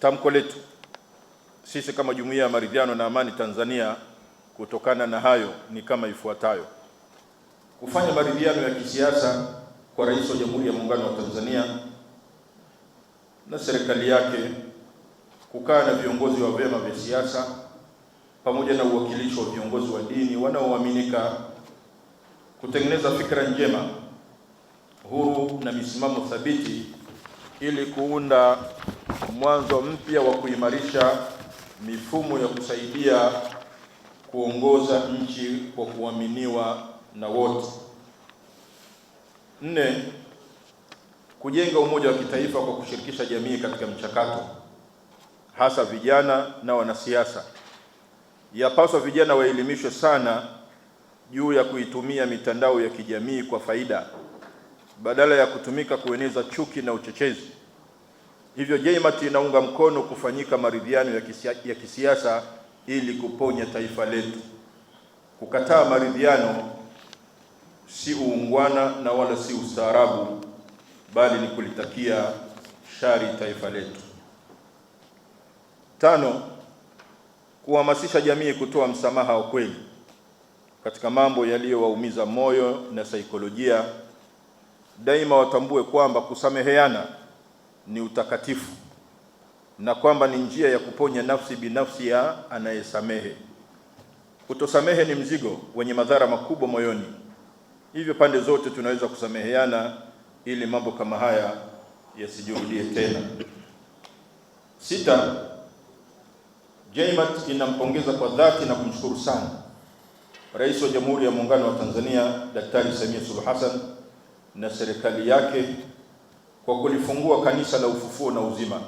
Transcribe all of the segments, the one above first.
Tamko letu sisi kama Jumuiya ya Maridhiano na Amani Tanzania kutokana na hayo ni kama ifuatayo: kufanya maridhiano ya kisiasa kwa Rais wa Jamhuri ya Muungano wa Tanzania na serikali yake, kukaa na viongozi wa vyama vya siasa pamoja na uwakilishi wa viongozi wa dini wanaoaminika, kutengeneza fikra njema huru na misimamo thabiti ili kuunda mwanzo mpya wa kuimarisha mifumo ya kusaidia kuongoza nchi kwa kuaminiwa na wote. Nne, kujenga umoja wa kitaifa kwa kushirikisha jamii katika mchakato, hasa vijana na wanasiasa. Yapaswa vijana waelimishwe sana juu ya kuitumia mitandao ya kijamii kwa faida badala ya kutumika kueneza chuki na uchochezi. Hivyo JMAT inaunga mkono kufanyika maridhiano ya, ya kisiasa ili kuponya taifa letu. Kukataa maridhiano si uungwana na wala si ustaarabu, bali ni kulitakia shari taifa letu. Tano, kuhamasisha jamii kutoa msamaha wa kweli katika mambo yaliyowaumiza moyo na saikolojia. Daima watambue kwamba kusameheana ni utakatifu na kwamba ni njia ya kuponya nafsi binafsi ya anayesamehe. Kutosamehe ni mzigo wenye madhara makubwa moyoni, hivyo pande zote tunaweza kusameheana ili mambo kama haya yasijirudie tena. Sita, JMAT inampongeza kwa dhati na kumshukuru sana Rais wa Jamhuri ya Muungano wa Tanzania Daktari Samia Suluhu Hassan na serikali yake kwa kulifungua kanisa la ufufuo na uzima.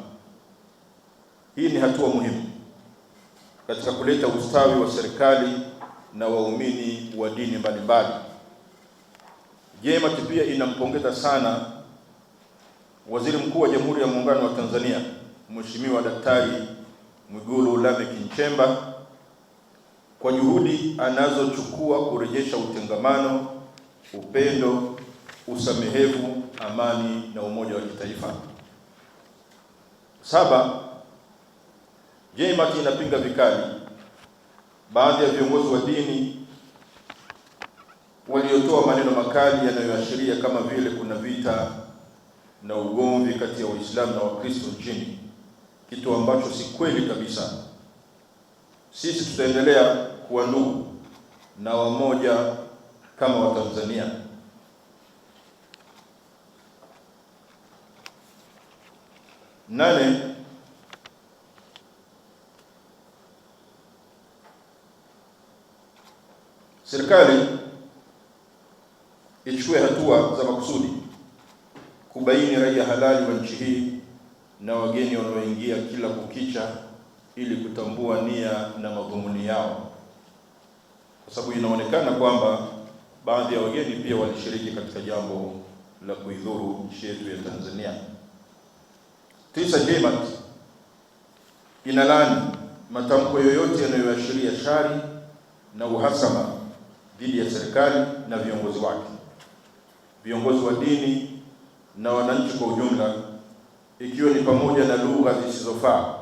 Hii ni hatua muhimu katika kuleta ustawi wa serikali na waumini wa dini mbalimbali. JMAT pia inampongeza sana Waziri Mkuu wa Jamhuri ya Muungano wa Tanzania Mheshimiwa Daktari Mwigulu Lameck Nchemba kwa juhudi anazochukua kurejesha utengamano, upendo, usamehevu amani na umoja wa kitaifa. Saba, JMAT inapinga vikali baadhi ya viongozi wa dini waliotoa maneno makali yanayoashiria kama vile kuna vita na ugomvi kati ya Waislamu na Wakristo nchini, kitu ambacho si kweli kabisa. Sisi tutaendelea kuwa ndugu na wamoja kama Watanzania. nane serikali ichukue hatua za makusudi kubaini raia halali wa nchi hii na wageni wanaoingia kila kukicha, ili kutambua nia na madhumuni yao, kwa sababu inaonekana kwamba baadhi ya wageni pia walishiriki katika jambo la kuidhuru nchi yetu ya Tanzania. Tisa. JMAT inalani matamko yoyote yanayoashiria shari na uhasama dhidi ya serikali na viongozi wake, viongozi wa dini na wananchi kwa ujumla, ikiwa ni pamoja na lugha zisizofaa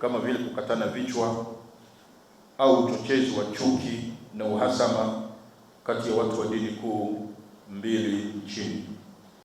kama vile kukatana vichwa au uchochezi wa chuki na uhasama kati ya watu wa dini kuu mbili nchini.